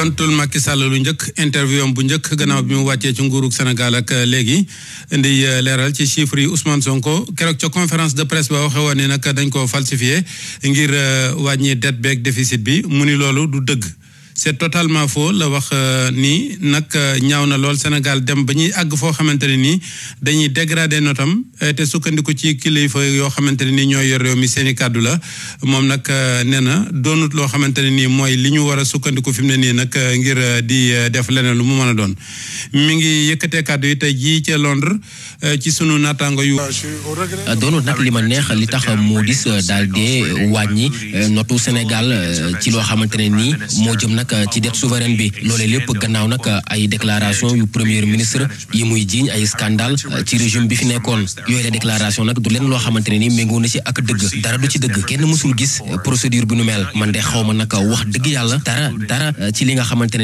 tontul Macky Sall lu njëkk interview bu njëkk gannaaw bi mu wàccee ci nguurug Sénégal ak euh, léegi ndi euh, leeral ci chiffre yi Ousmane Sonko keroog ca conférence de presse ba waxe woon ni nag dañ koo falsifié ngir euh, wàññi dette beeg déficit bi mu ni loolu du dëgg c'est totalement foo la wax euh, nii nag euh, ñaaw na lool Sénégal dem ba ñuy àgg foo xamante ne nii dañuy dégradé notam euh, te sukkandiku ci kilifa yoo xamante ne nii ñoo yor réew mi seen i kàddu la moom nag nee na doonut loo xamante ne nii mooy li ñu war a sukkandiku fi mu ne nii nag ngir di def leneen lu mu mën a doon mu ngi yëkkatee kàddu yi tey jii ca Londres ci sunu naataango yu. doonut nag li ma neex li tax moo gis daal di wàññi notu Sénégal ci loo xamante ne nii moo jëm nag. nag ci dette souveraine bi loolee lépp gannaaw nag ay déclaration yu premier ministre yi muy jiiñ ay scandale ci régime bi fi nekkoon yooyu la déclaration nag du leen loo xamante na ci ak dëgg dara du ci dëgg kenn ne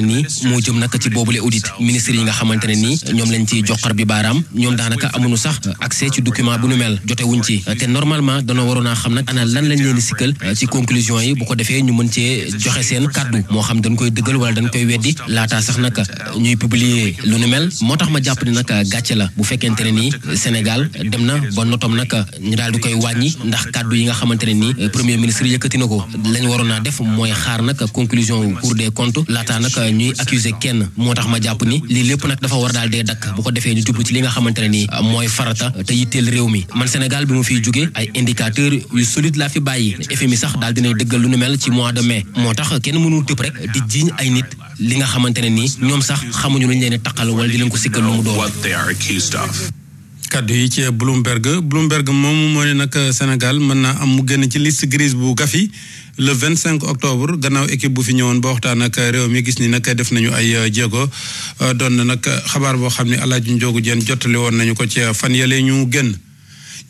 nii moo jëm nag ci boobule audit ministre yi nga xamante ne nii ñoom lañ ci joxar bi baaraam ñoom daanaka amuñu sax accès ci document bu nu mel jotewuñ ci te normalement danoo waroon a xam nag ana lan lañ leen sikkal ci conclusion yi bu ko defee ñu mën cee joxe seen kàddu dañ koy dëggal wala dañ koy weddi laataa sax nag ñuy publier lu nu mel moo tax ma jàpp ni nag gàcce la bu fekkente ne nii Sénégal dem na ba notom nag ñu daal di koy wàññi ndax kàddu yi nga xamante ne nii premier ministre yëkkati na ko lañ waroon naa def mooy xaar nag conclusion Cour des comptes laataa nag ñuy accuser kenn moo tax ma jàpp ni lii lépp nag dafa war daal dee dakk bu ko defee ñu jublu ci li nga xamante ne nii mooy farata te yitteel réew mi man Sénégal bi mu fiy jóge ay indicateur yu solide laa fi bàyyi sax daal dina dëggal lu nu mel ci de mai moo tax kenn mënul tëb di jiiñ ay nit li nga xamante ne nii ñoom sax xamuñu luñ leen di taqal wala di leen ko sikkal lu mu doon. kaddu yi ci Bloomberg Bloomberg moom moo ne nag senegal mën na am mu génn ci list grise bu Gafi le vingt cinq octobre gannaaw équipe bu fi ñëwoon ba waxtaan ak réew mi gis ni nag def nañu ay jéego doon na nag xabaar boo xam ne El Hadj Ndiogou Diène jottali woon nañu ko ci fan yële ñu génn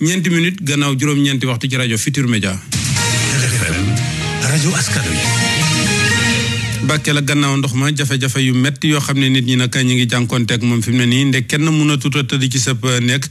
ñeenti minutes gannaaw juróom-ñeenti waxtu ci rajo Futur Media. Bakel la gannaaw ndox ma jafe-jafe yu métti yoo xam ne nit ñi nag ñu ngi jànkonteeg moom fi mu ne nii nde kenn mun a tuta ci sab euh, nekk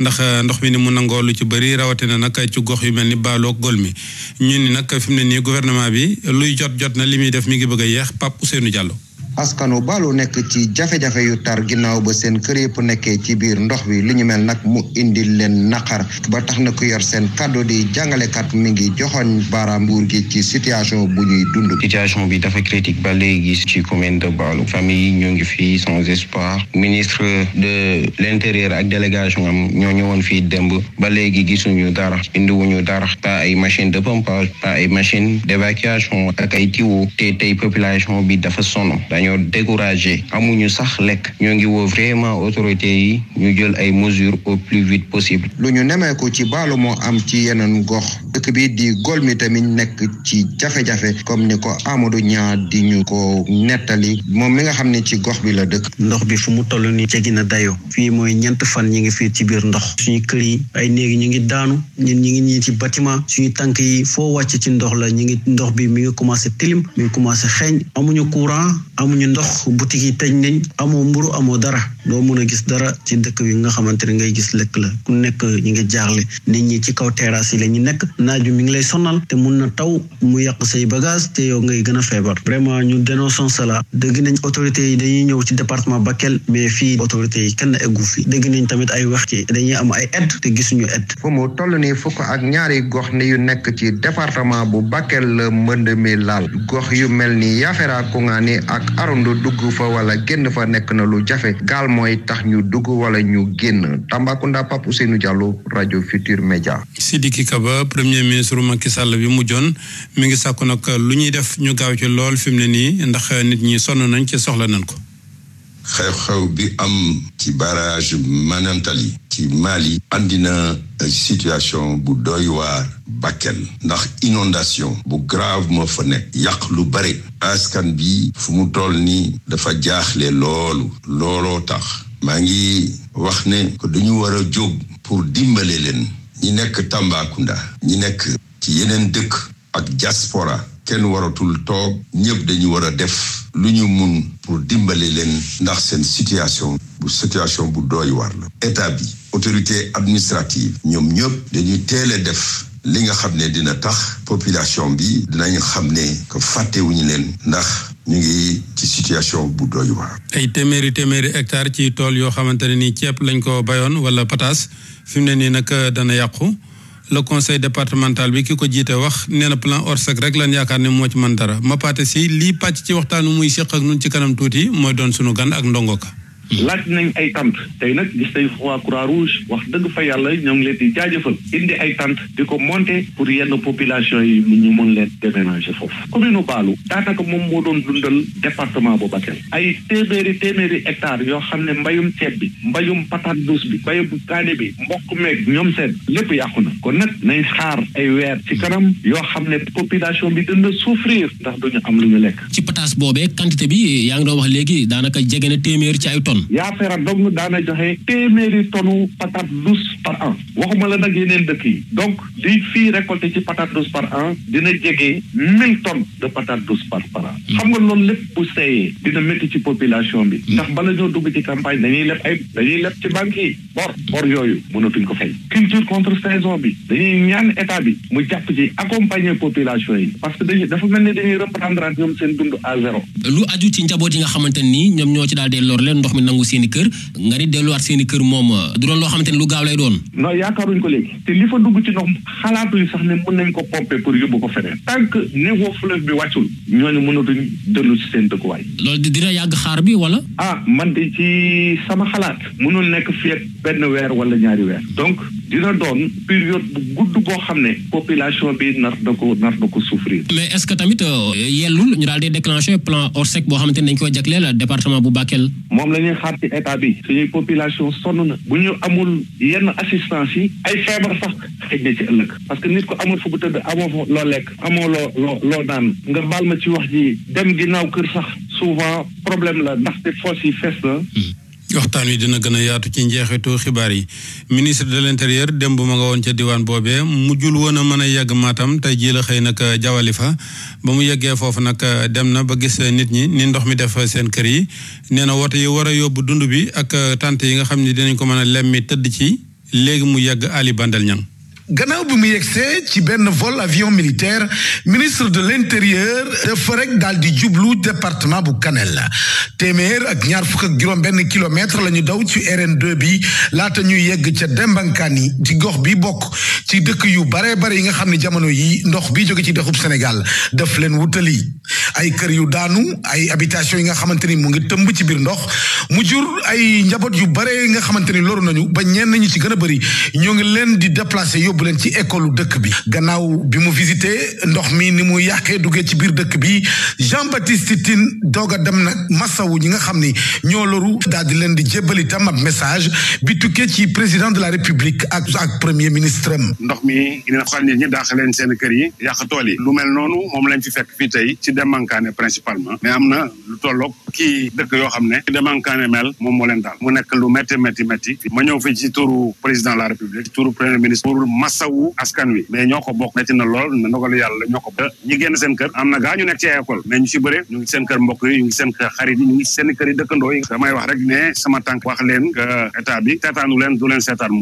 ndax euh, ndox mi ni mu nangoo lu ci bëri rawatina nag ci gox yu mel ni Baaloo Gol mi ñu ni nag fi mu ne nii gouvernement bi luy jot jot na li muy def mi ngi bëgg a yeex Pape seenu Diallo askanu baalu nekk ci jafe-jafe yu tar ginnaaw ba seen kër yëpp nekkee ci biir ndox bi li ñu mel nag mu indi leen naqar ba tax na ku yor seen kàddu di jàngalekat mi ngi joxoon baaraam nguur gi ci situation bu ñuy dund. situation bi dafa critique ba léegi ci commune de Baalu famille yi ñoo ngi fii sans espoir ministre de l'intérieur ak délégation am ñoo ñëwoon fii démb ba léegi gisuñu dara indiwuñu dara pas ay machine de pompage pas ay machine vacuation ak ay tiwo te tey population bi dafa sonn. dañoo découragé amuñu sax lekk ñoo ngi woo vraiment autorité yi ñu jël ay mesures au plus vite possible. lu ñu nemmeeku ci baalu moo am ci yeneen gox dëkk bi di gol mi tamit nekk ci jafe-jafe comme ni ko Amadou ñaar di ñu ko nettali moom mi nga xam ne ci gox bi la dëkk. ndox bi fu mu toll nii jéggi na dayoo. fii mooy ñeent fan ñi ngi fii ci biir ndox. suñu kër yi ay néegi ñu ngi daanu ñun ngi ñii ci bâtiment suñu tànk yi foo wàcc ci ndox la ñu ngi ndox bi mi ngi amuñu ndox boutique yi tëj nañ amoo mburu amoo dara doo mën a gis dara ci dëkk bi nga xamante ngay gis lekk la ku nekk ñu ngi jaaxle nit ñi ci kaw terrasse yi la ñu nekk naaj bi mi ngi lay sonal te mun na taw mu yàq say bagage te yow ngay gën a feebar vraiment ñu dénonçons la dégg nañ autorités yi dañuy ñëw ci département Bakel mais fii autorités yi kenn eggu fi dégg nañ tamit ay wax ci dañuy am ay aide te gisuñu aide fu mu toll nii fukk ak ñaari gox yu nekk ci département bu Bakel la mbënd mi laal arandu dugg fa wala génn fa nekk na lu jafe gaal mooy tax ñu dugg wala ñu génn Tambacounda Pape seenu Diallo rajo Futur Média. Sidiki Kaba premier ministre Macky Sall bi mujjoon mi ngi sàkku nag lu ñuy def ñu gaaw ci lool fi mu ne nii ndax nit ñi sonn nañ ci soxla nañ ko. xew-xew bi am ci barrage Manantali ci Mali andi na situation bu doy waar ndax inondation bu grave moo fa nekk yàq lu bare askan bi fu mu toll nii dafa jaaxle loolu looloo tax maa ngi wax ne ko dañu war a jóg pour dimbale leen ñi nekk Tambacounda ñi nekk ci yeneen dëkk ak diaspora kenn waratul toog ñëpp dañu war a def lu ñu mun pour dimbali leen ndax seen situation bu situation bu doy war la état bi autorité administrative ñoom ñëpp dañuy teel def li nga xam ne dina tax population bi dinañ xam ne ko fàttewuñu leen ndax ñu ngi ci situation bu doy waar. ay téeméeri téeméeri hectare ci tool yoo xamante ne ni ceeb lañ ko bayoon wala pataas fi mu ne nii nag dana yàqu. le conseil départemental bi ki ko jiite wax nee na plan ORSEC rek lan yaakaar ne moo ci man dara ma paate si lii pàcc ci waxtaanu muy séq ak nun ci kanam tuuti mooy doon sunu gan ak ndongo ka laaj nañ ay tant tey nag gis nañ waa croix rouge wax dëgg fa yàlla ñoo ngi leen di jaajëfal indi ay tant di ko monter pour yenn population yi ñu mën leen déménager foofu commune Baalu daanaka moom moo doon dundal département bu Bakel ay téeméeri téeméeri hectares yoo xam ne mbayum ceeb bi mbayum patate douce bi mbayum kaane bi mbokk meeg ñoom seen lépp yàqu na kon nag nañ xaar ay weer ci kanam yoo xam ne population bi dina souffrir ndax duñu am lu ñu lekk ci pataas boobee quantité bi yaa ngi doon wax léegi daanaka jege na téeméer ci ay tonnes yaafeera dong daana joxe téeméeri tonu patate douce par an waxuma la nag yeneen dëkk yi donc di fii récolté ci patate douce par an dina jege mille tonnes de patate douce par par an mm. xam nga loolu lépp bu seeyee dina métti ci population bi mm. ndax bala ñoo dugg ci campagne dañuy leb ay dañuy leb ci banque yi bor bor yooyu mënatuñ ko fay culture contre saison bi dañuy ñaan état bi mu jàpp ci accompagner population yi parce que dañuy dafa mel ni dañuy reprendre nangu seen i kër nga ni delluwaat seen kër moom euh, du doon loo xamante ne lu gaaw lay doon. non yaakaaruñ ko léegi te li fa dugg ci ndox xalaatuñ sax ne mën nañ ko pomper pour yóbbu ko feneen. tant que niveau fleuve bi wàccul ñooñu mënatuñ dellu si seen dëkkuwaay. yàgg xaar bi walla ah man de ci sama xalaat. mënul nekk fii benn weer wala ñaari weer donc dina doon période bu gudd boo xam ne population bi nar na ko nar na ko souffrir. mais est-ce que tamit euh, yellul ñu daal di déclencher plan Orsec boo xamante ne dañ koy jagleel département bu Bakel. moom la ñuy xaar ci état bi. suñuy population sonn na. bu ñu amul yenn assistance yi. ay feebar sax xëj na ci ëllëg. parce que nit ko amul fu bu tëdd amoo loo lekk. amoo loo loo daan nga baal ma ci wax ji dem ginnaaw kër sax souvent problème la ndaxte fosse yi fees na. Hmm. waxtaan wi dina gën a yaatu ci njeexitu xibaar yi ministre de l'intérieur démb ma nga woon ca diwaan boobee mujjul woon a mën a yegg maatam tey jii la xëy nag euh, jawali fa ba mu yeggee foofu nag euh, dem na ba gis euh, nit ñi ni ndox mi def seen kër yi nee na woote yi war a yóbbu dund bi ak tante yi nga xam ni dinañ ko mën a lemmi tëdd ci léegi mu yegg Ali Bandel Niang gannaaw bi mu yegsee ci benn vol avion militaire ministre de l'intérieur dafa rek daal di jublu département bu la téeméer ak ñaar fukk ak juróom benn kilomètre la ñu daw ci rn bi laata ñuy yegg ca Dembankaani ci gox bi bokk ci dëkk yu bare bare yi nga xam ni jamono yi ndox bi jóge ci dexub Sénégal daf leen wutali ay kër yu daanu ay habitation yi nga xamante ni mu ngi tëmb ci biir ndox mu jur ay njaboot yu bare nga xamante ni loru nañu ba ñenn ñi ci gën a bëri ñoo ngi leen di déplacé yóbbu leen ci école dëkk bi gannaaw bi mu visité ndox mi ni mu yàqee duggee ci biir dëkk bi Jean Baptiste Tine doog a dem nag masawu ñi nga xam ni ñoo loru daal di leen di jébbal itam ab message bi ci président de la république ak ak premier ministre am ndox mi dina xool nit ñi daax leen seen kër yi yàq tool yi lu mel noonu moom lañ fi fekk démankaane principalement mais am na lu tolloog kii dëkk yoo xam ne démankaane mel moom moo leen daal mu nekk lu métti métti métti ñëw fi ci turu président la république ci turu premier ministre pour masawu askan wi mais ñoo ko bokk métti na lool na ndogalu yàlla ñoo ko bokk ñi génn seen am na gaa nekk ci école mais ñu si bëre ñu ngi mbokk yi ñu ngi xarit ñu ngi seen kër yi dëkkandoo wax rek ne sama tànk wax leen que bi seetaanu leen du leen seetaan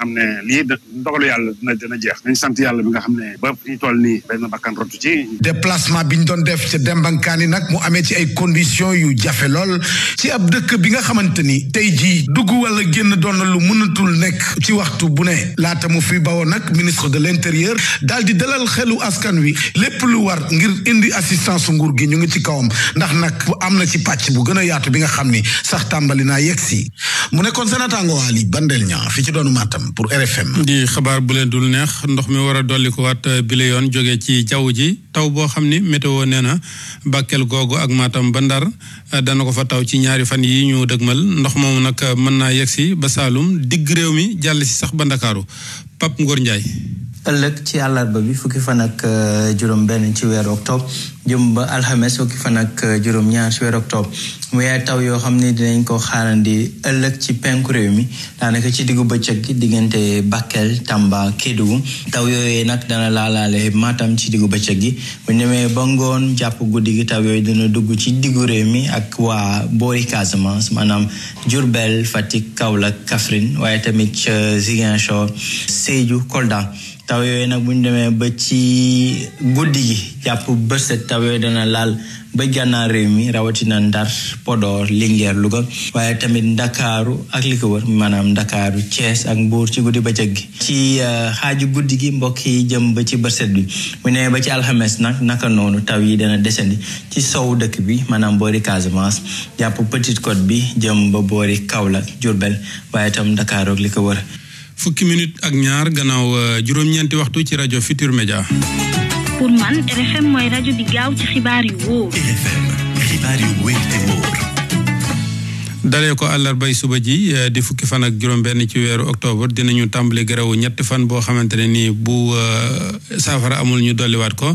xam ne lii dogalu yàlla dina dina jeex nañ yàlla bi nga xam ne ba ñu toll nii benn ci déplacement bi ñu doon def ca dembankaani nag mu amee ci ay conditions yu jafe lool ci ab dëkk bi nga xamante ni tey jii dugg wala génn doon na lu mënatul nekk ci waxtu bu ne laata mu fi bawoo nag ministre de l'intérieur daal di dalal xelu askan wi lépp lu war ngir indi assistance nguur gi ñu ngi ci kawam ndax nag am na ci pàcc bu gën a yaatu bi nga xam ni sax tàmbali naa yegg si mu nekkoon sa naataango Waly Bandel ñaa fi ci doonu maatam pour RFM. di xabaar bu leen dul neex ndox mi war a dolli ko waat bile yoon jógee ci jaww ji taw boo xam ni météo nee na Bakel googu ak maatam ba Ndar dana ko fa taw ci ñaari fan yi ñu dëgmal ndox moom nag mën naa yegsi ba Saalum digg réew mi jàll si sax ba Ndakaaru Pape Ngor Ndiaye. ëllëg ci àllarba bi fukki fan ak euh, juróom benn ci weeru octobre jëm ba alxames fukki fan ak euh, juróom ñaar ci weeru octobre muy ay taw yoo xam ne dinañ ko xaarandi ëllëg ci penku réew mi daanaka ci diggu bëccëg gi diggante Bakel Tamba Kédougou taw yooyu nag dana laalaale maatam ci diggu bëccëg gi bu ñemee ba ngoon jàpp guddi gi taw yooyu dina dugg ci diggu réew mi ak waa boori Casamance maanaam Diourbel Fatick Kaolack Kaffrine waaye tamit Ziguinchor Sédhiou Kolda taw yooyu nag bu ñu demee ba ci guddi gi jàpp bëset taw dana laal ba gànnaar réew mi rawatina Ndar Podor Linguère Louga waaye tamit Ndakaaru ak li ko wër maanaam Ndakaaru cees ak Mbour ci guddi bëccëg gi ci euh, xaaju guddi gi mbokk yi jëm ba ci bëset bi mu ne ba ci alxames nag naka noonu taw yi dana desandi ci sow dëkk bi maanaam boori Casamance jàpp Petite Côte bi jëm ba boori Kaolack Diourbel waaye tam Ndakaaru ak li ko wër fukki minit ak ñaar gannaaw euh, juróom-ñeenti waxtu ci rajo Futur Media. pour man RFM mooy rajo bi gaaw ci xibaar yu dalee ko àllarbay suba ji eh, di fukki fan ak juróom-benn ci weeru octobre dinañu tàmbali garawu ñetti fan boo xamante ne nii bu eh, saafara amul ñu dolliwaat ko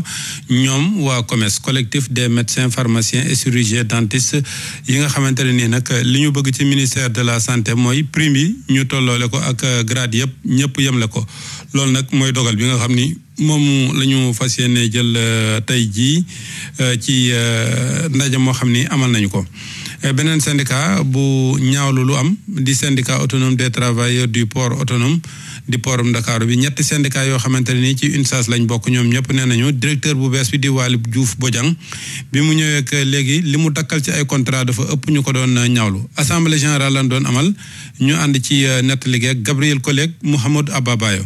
ñoom waa COMES collectif des médecins pharmaciens et chirurgiens dentistes yi nga xamante ne nii nag li ñu bëgg ci ministère de la santé mooy prime yi ñu tolloole ko ak eh, grade yëpp ñëpp yemle ko loolu nag mooy dogal bi nga xam ni moom la ñu fas yéene jël tey jii ci ndaje moo xam ni amal nañu ko. Euh, beneen syndicat bu ñaawlu lu am di syndicat autonome des travailleurs du port autonome di portum ndakaaru bi ñetti syndicat yoo xamante ne nii ci UNSAS lañ bokk ñoom ñëpp nee nañu directeur bu bees bi di Waly Diouf Bodiang bi mu ñëwee ak léegi li mu dakkal ci ay contrat dafa ëpp ñu ko doon ñaawlu assemblée générale lañ doon amal ñu ànd ci euh, nett liggéey Gabriel Collègue Mouhamadou Ababayo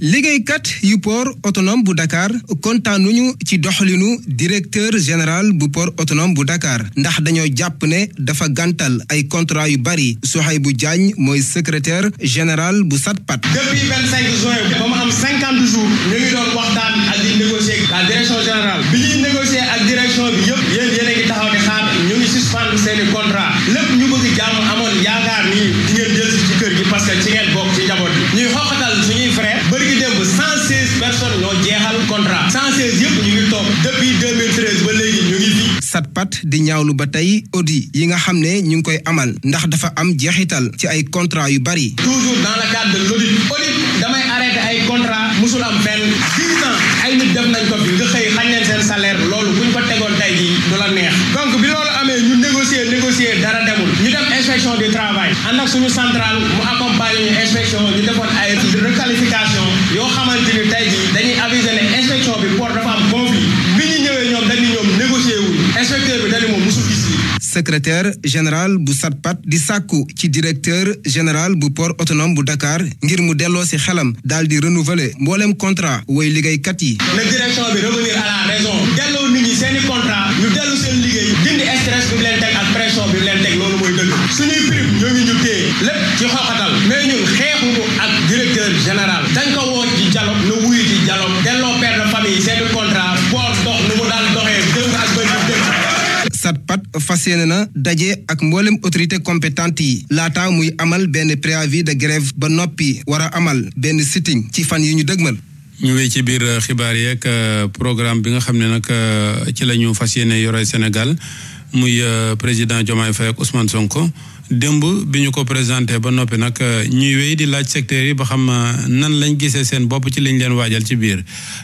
liggéeykat yu port autonome bu Dakar kontaanuñu ci doxalinu directeur général bu por autonome bu Dakar ndax dañoo jàpp ne dafa gàntal ay contrat yu bari bu Diagne mooy secrétaire général bu SATPAT. depuis am jours ñu ngi doon waxtaan ak di négocier la direction générale bi ñuy négocier ak direction bi yëpp yéen yéen taxaw di xaar ñu ngi suspendre seeni contrat lépp ñu bëgg jàmm amoon yaakaar ni di ngeen ci kër gi parce que ci ngeen bokk ci njaboot Johnson ñoo jeexal contrat 116 yëpp ñu ngi SATPAT di ñaawlu ba tey audit yi nga xam ne ñu ngi koy amal ndax dafa am jeexital ci ay contrat yu bari. toujours dans le cadre de l'audit audit. secrétaire général bu SATPAT di sàkku ci directeur général bu port otonom bu Dakar ngir mu delloo ci xelam daal di renouveler mboolem contrat way liggéeykat yi. na direction bi revenir à la raison delloo nit ñi seeni contrat ñu dellu seen liggéey dindi stress bi leen teg ak pression bi leen teg loolu mooy dëgg suñuy prime ñoo ngi ñu téye lépp ci fas yéene na daje ak mboolem autorité compétente yi laata muy amal benn préavis de grève ba noppi war a amal benn sitting ci fan yi ñu dëgmal. ñu wéy ci biir euh, xibaar yi ak euh, programme bi nga xam ne nag euh, ci la ñu fas yéene yore Sénégal muy président Diomaye Faye ak Ousmane Sonko démb bi ñu ko présenté ba noppi nag ñuy wéy di laaj secteurs yi ba xam nan lañ gisee seen bopp ci lañ leen waajal ci biir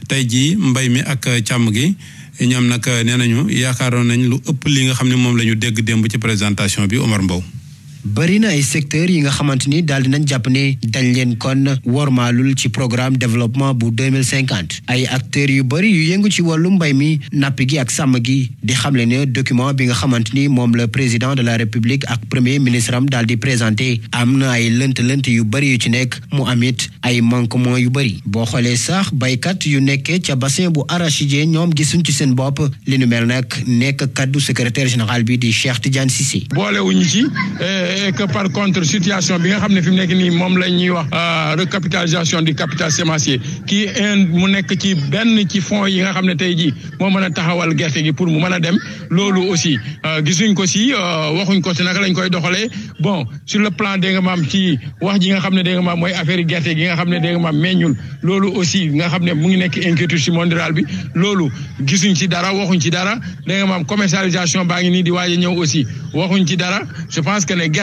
tey jii mbay mi ak càmm gi. ñoom nag nee nañu yaakaaroon nañ lu ëpp li nga xam ne moom la ñu dégg démb ci présentation bi Omar Mbow bëri na ay secteurs yi nga xamante ni daal dinañ jàpp ne dañ leen kon wormaalul ci programme développement bu 2050 ay acteurs yu bëri yu yëngu ci wàllu mbay mi napp gi ak sàmm gi di xamle ne document bi nga xamante ni moom la président de la république ak premier ministre am daal di présenté am na ay lënt-lënt yu bëri yu ci nekk mu amit ay manquement yu bëri boo xoolee sax baykat yu nekkee ca bassin bu arachidier ñoom gisuñ ci seen bopp li nu mel nag nekk kaddu secrétaire général bi di Cheikh Tidiane Cissé boolewuñu ci eh, et que par contre situation bi nga xam ne fi mu nekk ni moom la ñuy wax euh, recapitalisation du capital semencier kii un mu nekk ci benn ci fonds yi nga xam ne tey jii moo mën a taxawal gerte gi pour mu mën a dem loolu aussi euh, gisuñ ko si euh, waxuñ ko si naka lañ koy doxalee bon sur le plan dégg nga maam ci wax ji nga xam ne dégg nga maam moy affaire yi gerte gi nga xam ne dégg nga maam meññul loolu aussi nga xam ne mu ngi nekk inquiétude si mondial bi loolu gisuñ ci dara waxuñ ci dara dégg nga maam baa ngi nii di waaj ñëw aussi waxuñ ci dara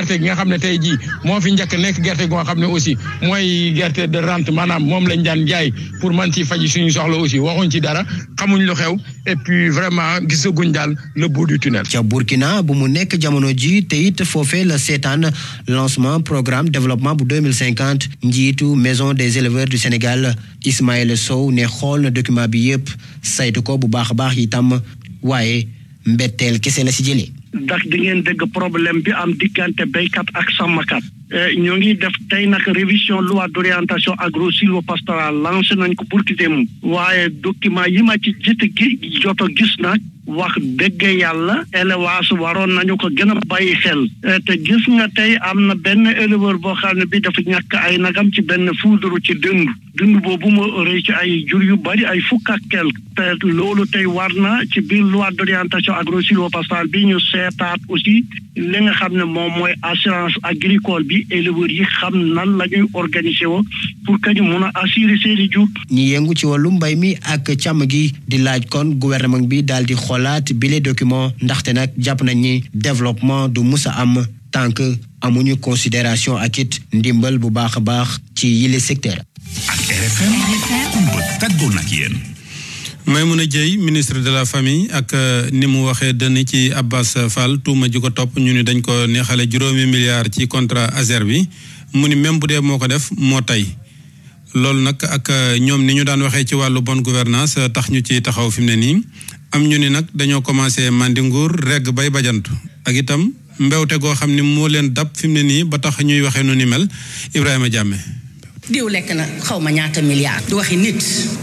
gerte nga xam ne tey jii moo fi njëkk nekk gerte goo xam ne aussi mooy gerte de rente maanaam moom lañ daan jaay pour man ci faji suñu soxla aussi waxuñ ci dara xamuñ lu xew et vraiment gisaguñ daal le bout du tunnel. ca Burkina bu mu nekk jamono ji te it foofee la seetaan lancement programme développement bu 2050 njiitu maison des éleveurs du Sénégal Ismaël Sow ne xool na document bi yëpp saytu ko bu baax a baax itam waaye mbetteel kese la si jëlee. ndax di ngeen dégg problème bi am diggante béykat ak sàmmkat eh, ñoo ngi def tey nag révision loi d'orientation agro sylvopastoral lancé nañ ko burki dem waaye document yi ma ci jit gi joto gis nag wax dëgg yàlla élevage waroon nañu ko gëna bàyyi xel eh, te gis nga tey am na benn éleveur boo xam ne bi dafa ñàkk ay nagam ci benn fuudaru ci dënd dund boobu moo rëy ci ay jur yu bari ay fukk ak quelque te loolu tey war na ci biir loi d'orientation agro-sylvo-pastorale bi ñu seetaat aussi li nga xam ne moom mooy assurance agricole bi éleveur yi xam nan lañuy ñuy woo pour que ñu mun a assurer seeni jur. ñu yëngu ci wàllu mbay mi ak càmm gi di laaj kon gouvernement bi daal di xoolaat bile document ndaxte nag jàpp nañ ni développement du mus am tant que amuñu considération ak it ndimbal bu baax a baax ci yile secteur. ak RFM kumba tàggoo nag yéen. Maimouna Dieye ministre de la famille ak euh, ni mu waxee dënn ci Abbas Fall tuuma ji ko topp ñu ni dañ ko neexale juróomi milliard ci contrat Azer bi mu ni même bu dee moo ko def moo tey. loolu nag ak euh, ñoom ni ñu daan waxee ci wàllu bonne gouvernance euh, tax ñu ci taxaw fi mu ne nii am ñu ni nag dañoo commencé mandinguur regg bay bajantu ak itam mbewte goo xam ni moo leen dab fi mu ne nii ba tax ñuy waxee nu ni mel Ibrahima Jàmme diw lekk na xaw ma ñaata milliards du waxi nit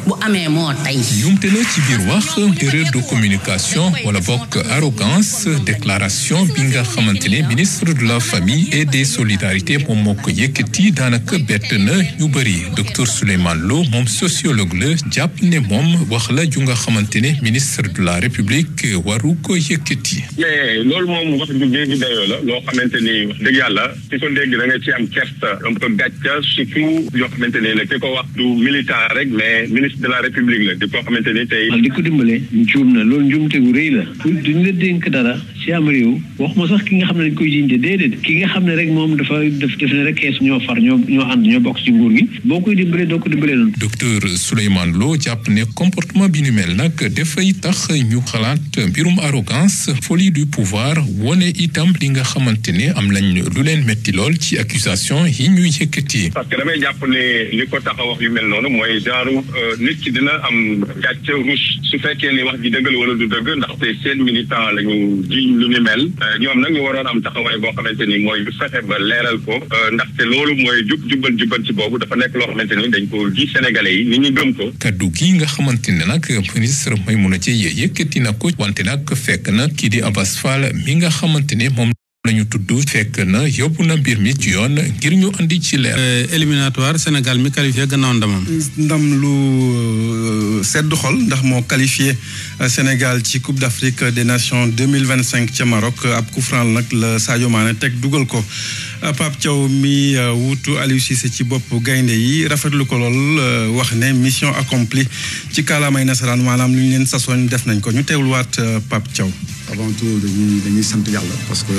bu amee moo tey yumte la ci biir wax erreur de communication wala bokk arrogance déclaration bi nga xamante ni ministre de la famille et des solidarité moom moo ko yëkkati daanaka bett na ñu bëri docteur Souleymane Lo moom sociologue la jàpp ne moom wax la ju nga xamante ne ministre de la république waru ko yëkkati mais loolu moom wax xamante ni wax dëgg yàlla ci ko dégg da nga ci am kersa am ko gàcca surtout yoo xamante ni la ko wax du militant rek mais ministre de la république la di koo xamante ni tey. di ko dimbale. njuum na loolu njuumte gu rëy la. duñ la dénk dara. ci am réew waxuma sax ki nga xam ne dañ koy jiñte déedéet ki nga xam ne rek moom dafa def def ne rek xees ñoo far ñoo ñoo ànd ñoo bokk ci nguur gi boo koy dimbalee doo ko dimbalee noonu. docteur Souleymane Lo jàpp ne comportement bi ni mel nag dafay tax ñu xalaat mbirum arrogance folie du pouvoir wone itam li nga xamante ne am lañ lu leen metti lool ci accusation yi ñu yëkkati. parce que damay jàpp ne li a yu mel noonu mooy genre euh, nit ki am wax ji dëgg wala du dëgg ndaxte lu ni mel euh, ñoom nag ñu waroon am taxawaay boo xamante ni mooy ñu fexe ba leeral ko euh, ndaxte loolu mooy jub jubal jubal ci boobu dafa nekk loo xamante ni dañ ko di sénégalais yi ni ñu gëm ko kaddu gi nga xamante ne nag ministre Maïmouna nag fekk na kii di Abass mi nga xamante ne moom la ñu tudd fekk na yóbbu na mbir mi ci yoon ngir ñu indi ci leer. Euh, éliminatoire Sénégal mi qualifié gannaaw ndamam. ndam lu euh, sedd xol ndax moo qualifié euh, Sénégal ci Coupe d'Afrique des Nations mille vingt cinq ca Maroc ab coup nag la Sadio Mané teg dugal ko Pape cow mi wutu Aliou ci bopp gaynde yi rafetlu ko lool wax ne mission accomplie ci kàllaamay nasaraan maanaam lu ñu leen sasoon def nañ ko ñu teewluwaat Pape cow avant tout dañuy dañuy sant yàlla parce que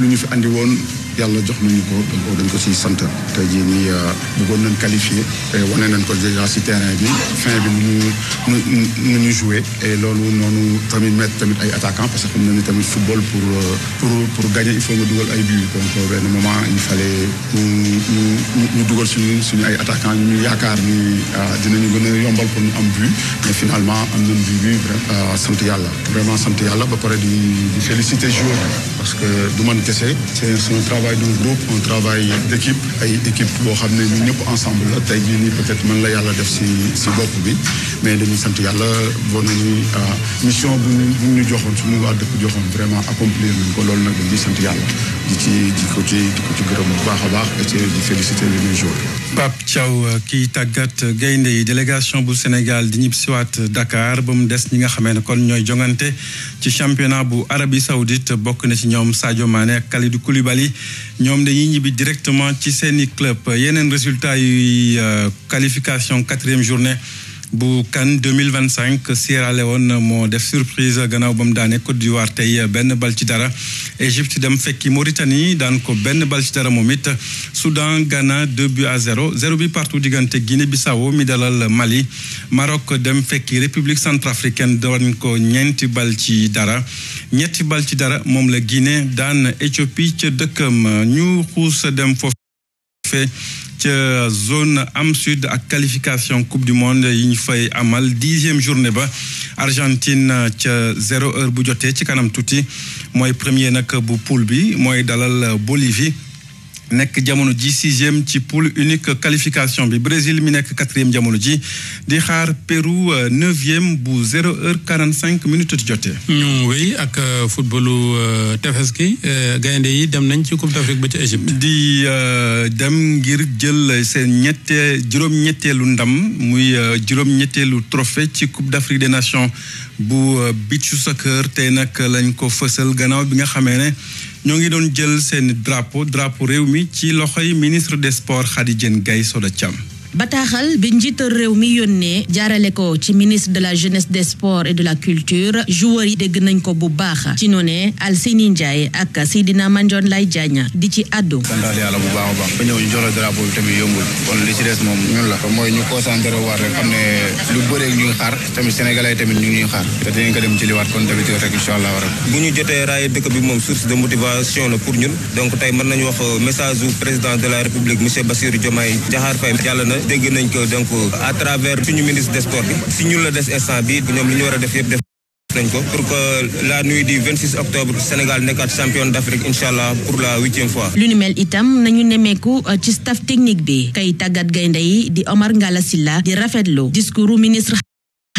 lu ñu fi andi woon yàlla jox nañu ko donc dañ ko siy sant tey jii nii euh, bëggoon nañ qualifié wane nañ ko déjà si terrain bi fin bi nu ñu nu ñu joué et loolu noonu tamit mettre tamit ay attaquant parce que xam na ni tamit football pour euh, pour pour gagner il faut nga dugal ay buts donc euh, benn moment il fallait ñu ñu ñu dugal suñu ay attaquant ñu yaakaar ni dinañu gën a yombal pour ñu am but mais finalement am nañ but bi sant yàlla vraiment sant yàlla ba pare di féliciter joueur parce que du man kese c'est travail d'un groupe un travail d'équipe ay équipe boo xam ne ñun ñëpp ensemble la tey jii nii peut-être mën la yàlla def si si bopp bi mais dañuy sant yàlla na nañuy ah, mission bu bu ñu joxoon su suñu waa dëkk joxoon vraiment accomplir nañ ko lool nag dañuy sant yàlla di ci di ko ci di ko ci gërëm bu baax a baax et di féliciter les joueurs Pape chaw euh, kiy tàggat euh, gaynde yi délégation bu Sénégal di ñib siwaat euh, Dakar ba mu des ñi nga xamee ne kon ñooy jongante ci championnat bu Arabie Saoudite bokk na ci ñoom Sadio Mané ak Kalidou Koulibaly ñoom dañuy ñibbi directement ci seeni club yeneen résultat yuy qualification quatrième journée bu CAN 2025 Sierra na moo def surprise gannaaw ba mu daane Côte d'Ivoire tey benn bal ci dara Égypte dem fekki Mauritanie daan ko benn bal ci dara moom it Soudan Ghana debut buts à 0 0 bi partout diggante Guinée Bissau mi dalal Mali Maroc dem fekki République centrafricaine doon ko ñeenti bal ci dara ñetti bal ci dara moom la Guinée daan Éthiopie ca dëkkam ñu xuus dem foofu ca zone am sud ak qualification coupe du monde yi ñu fay amal dixième journée ba Argentine ca zéro heure bu jotee ci kanam tuuti mooy premier nag bu poule bi mooy dalal Bolivie nekk jamono ji sixième ci poule unique qualification bi Brésil mi nekk quatrième jamono ji di xaar Pérou euh, neuvième bu zéro heure quarante cinq minutes jotee. oui ak euh, footballu euh, tefes gi gaynde yi dem nañ ci Coupe d'Afrique ba ci Égypte. di dem ngir jël seen ñette juróom-ñetteelu ndam muy juróom-ñetteelu trophée ci Coupe d'Afrique des Nations bu beach soccer tey nag lañ ko fësal gannaaw bi nga xamee ne. ñoo ngi doon jël seen drapeau drapeau réew mi ci loxoy ministre des sports Khady Diène Gaye Soda Thiam bataaxal bi njiital réew mi yónnee jaarale ko ci ministre de la jeunesse des sports et de la culture joueur yi dégg nañ ko bu baax ci noonee Alseyni Ndiaye ak Seydina Mandione Laye Diagne di ci àddu. santaale bu baax a baax. ba ñëw ñu jox la bi tamit yombul kon li ci des moom ñun la. mooy ñu concentré waat rek xam ne lu bëreeg ñu ngi tamit sénégalais tamit ñu ñuy xaar. te dinañ ko dem ci liwaat kon tamit rek incha allah bu ñu jotee raay dëkk bi moom source de motivation ñun donc tey mën nañu wax message du président de la république na dégg nañ ko donc à travers suñu ministre des sports bi si ñun la des instant bi ñoom li ñu war a def yëpp def nañ ko pour que la nuit du 26 octobre Sénégal nekkaat champion d'Afrique incha pour la lu ni mel itam nañu nemmeeku euh, ci staff technique bi kay tàggat gaynde yi di Omar Ngalla Sylla di rafetlu discours ministre.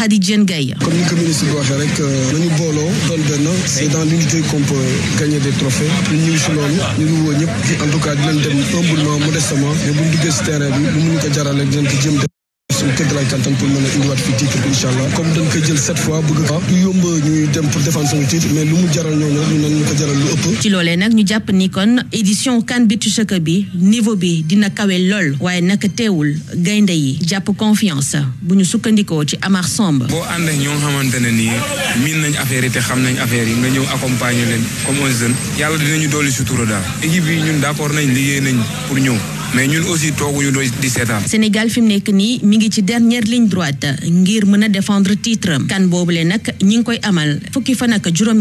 Khady Diène Gaye comme ni ko ministre bi waxee rek euh, nañu booloo doon benn c'est dans l'unité qu'on peut gagner des trophées ñu ñëw ñu ngi woo ñëpp en tout cas dinañ dem humblement modestement bu ñu duggee si terrain bi lu mu ñu ko jaral dinañ ko jëm suñu tëgg lay kantan pour mën a indiwaat fii titre bi incha allah comme dañ koy jël sept fois bëgg a du ñuy dem pour défendre suñu mais lu mu jaral ñooñu rek ñu ne ko jaral lu ëpp ci loolee nag ñu jàpp ni kon édition CAN Beach Soccer bi niveau bi dina kawe lool waaye nag teewul gaynde yi jàpp confiance bu ñu sukkandikoo ci Amar Samb boo ànd ak ñoo xamante ne nii miin nañ affaire yi te xam nañ affaire yi nga ñëw accompagner leen comme un jeune yàlla dinañu dolli sutura daal équipe yi ñun d'accord nañ liggéey nañ pour ñëw mais ñun aussi tooguñu doy di seetaan. Sénégal fi mu nekk nii mi ngi ci dernière ligne droite ngir mën a défendre titre kan boobule nag ñi ngi koy amal fukki fan ak juróom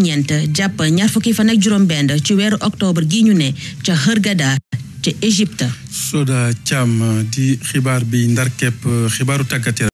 jàpp ñaar fukki fan ak juróom-benn ci weeru octobre gi ñu ne ca Hurghada ca Égypte. Soda Thiam di xibaar bi ndarkepp xibaaru tàggat